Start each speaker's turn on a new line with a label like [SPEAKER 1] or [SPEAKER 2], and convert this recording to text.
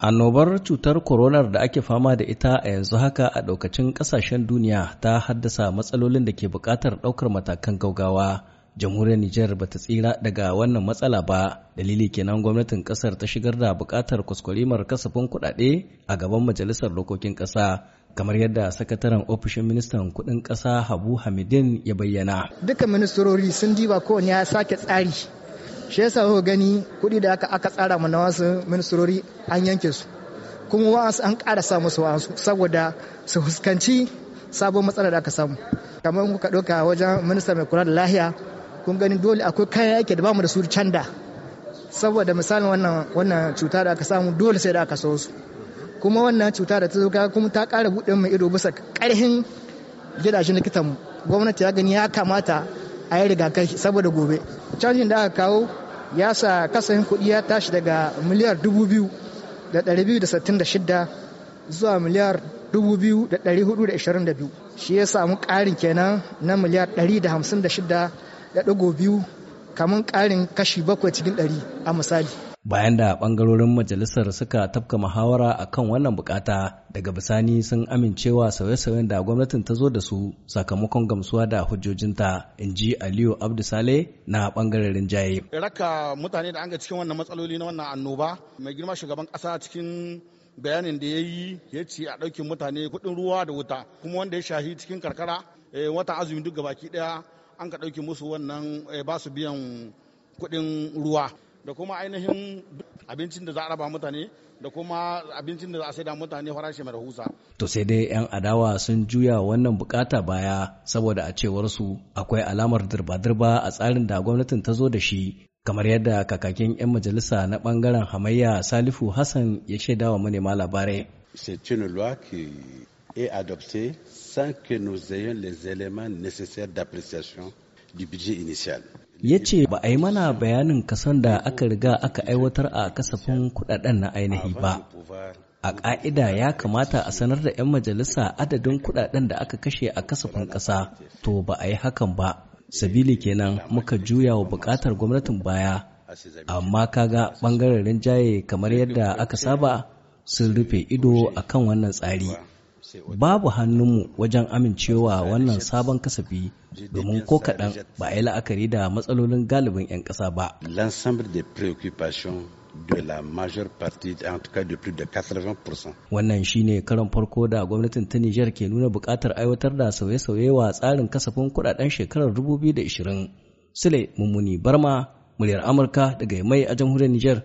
[SPEAKER 1] Annobar cutar koronar da ake fama da ita a yanzu haka a ɗaukacin ƙasashen duniya ta haddasa matsalolin da ke buƙatar ɗaukar matakan gaugawa. Jamhuriyar Nijar ba ta tsira daga wannan matsala ba, dalili kenan gwamnatin ƙasar ta shigar da buƙatar kwaskwarimar kasafin kuɗaɗe a gaban Majalisar Dokokin Ƙasa, kamar yadda sakataren ofishin ministan kuɗin ƙasa Habu Hamidin ya bayyana.
[SPEAKER 2] Duka ministerori sun diba kowane ya sake tsari shi yasa kuka gani kuɗi da aka tsara mu na wasu ministrori an yanke su kuma wa'ansu an ƙara sa musu wa'ansu saboda su fuskanci sabon matsalar da aka samu kamar kuka ɗauka wajen minista mai kula da lahiya kun gani dole akwai kayan yake da bamu da su canda saboda misalin wannan wannan cuta da aka samu dole sai da aka so su kuma wannan cuta da ta zo kuma ta ƙara buɗe mai ido bisa ƙarhin gidajen likitanmu gwamnati ya gani ya kamata a yi rigakafi saboda gobe canjin da aka kawo ya sa kasahin kuɗi ya tashi daga miliyar 2,266 zuwa miliyar 2,422 shi ya samu ƙarin kenan na miliyar 156.2 kamar ƙarin kashi bakwai cikin dari a misali
[SPEAKER 1] bayan da bangarorin majalisar suka tafka muhawara a kan wannan bukata daga bisani sun amincewa sauye-sauyen da gwamnatin ta zo da su sakamakon gamsuwa da hujjojinta in ji aliyu abdusale na bangaren rinjaye
[SPEAKER 3] raka mutane da an ga cikin wannan matsaloli na wannan annoba mai girma shugaban ƙasa cikin bayanin da ya yi ya ce a ɗaukin mutane kuɗin ruwa da wuta kuma wanda ya shahi cikin karkara eh, wata azumi duk gabaki ɗaya an ka ɗauki musu wannan eh, ba su biyan kuɗin ruwa da kuma ainihin abincin da za a raba mutane da kuma abincin da za a da mutane farashi mai rahusa.
[SPEAKER 1] To sai dai 'yan adawa sun juya wannan bukata baya saboda a cewar su akwai alamar dirba-dirba a tsarin da gwamnatin ta zo da shi kamar yadda kakakin 'yan majalisa na bangaren hamayya Salifu Hassan ya shaidawa manema labarai.
[SPEAKER 4] C'est une loi qui est sans que nous ayons les éléments nécessaires d'appréciation du budget initial.
[SPEAKER 1] ya ce ba a yi mana bayanin kason da aka riga aka aiwatar a kasafin kudaden na ainihi ba a ƙa'ida ya kamata a sanar da 'yan majalisa adadin kudaden da aka kashe a kasafin ƙasa to ba a yi hakan ba sabili kenan muka juya wa buƙatar gwamnatin baya amma kaga bangaren rinjaye kamar yadda aka saba sun rufe ido a kan wannan tsari babu hannunmu wajen amincewa wannan sabon kasafi domin ko kaɗan ba a yi la'akari da matsalolin galibin 'yan ƙasa ba.
[SPEAKER 4] de
[SPEAKER 1] Wannan shi ne karan farko da gwamnatin ta Nijar ke nuna bukatar aiwatar da sauye-sauye wa tsarin kasafin kudaden shekarar 2020. Sule Mummuni Barma, muryar Amurka daga mai a jamhuriyar Nijar.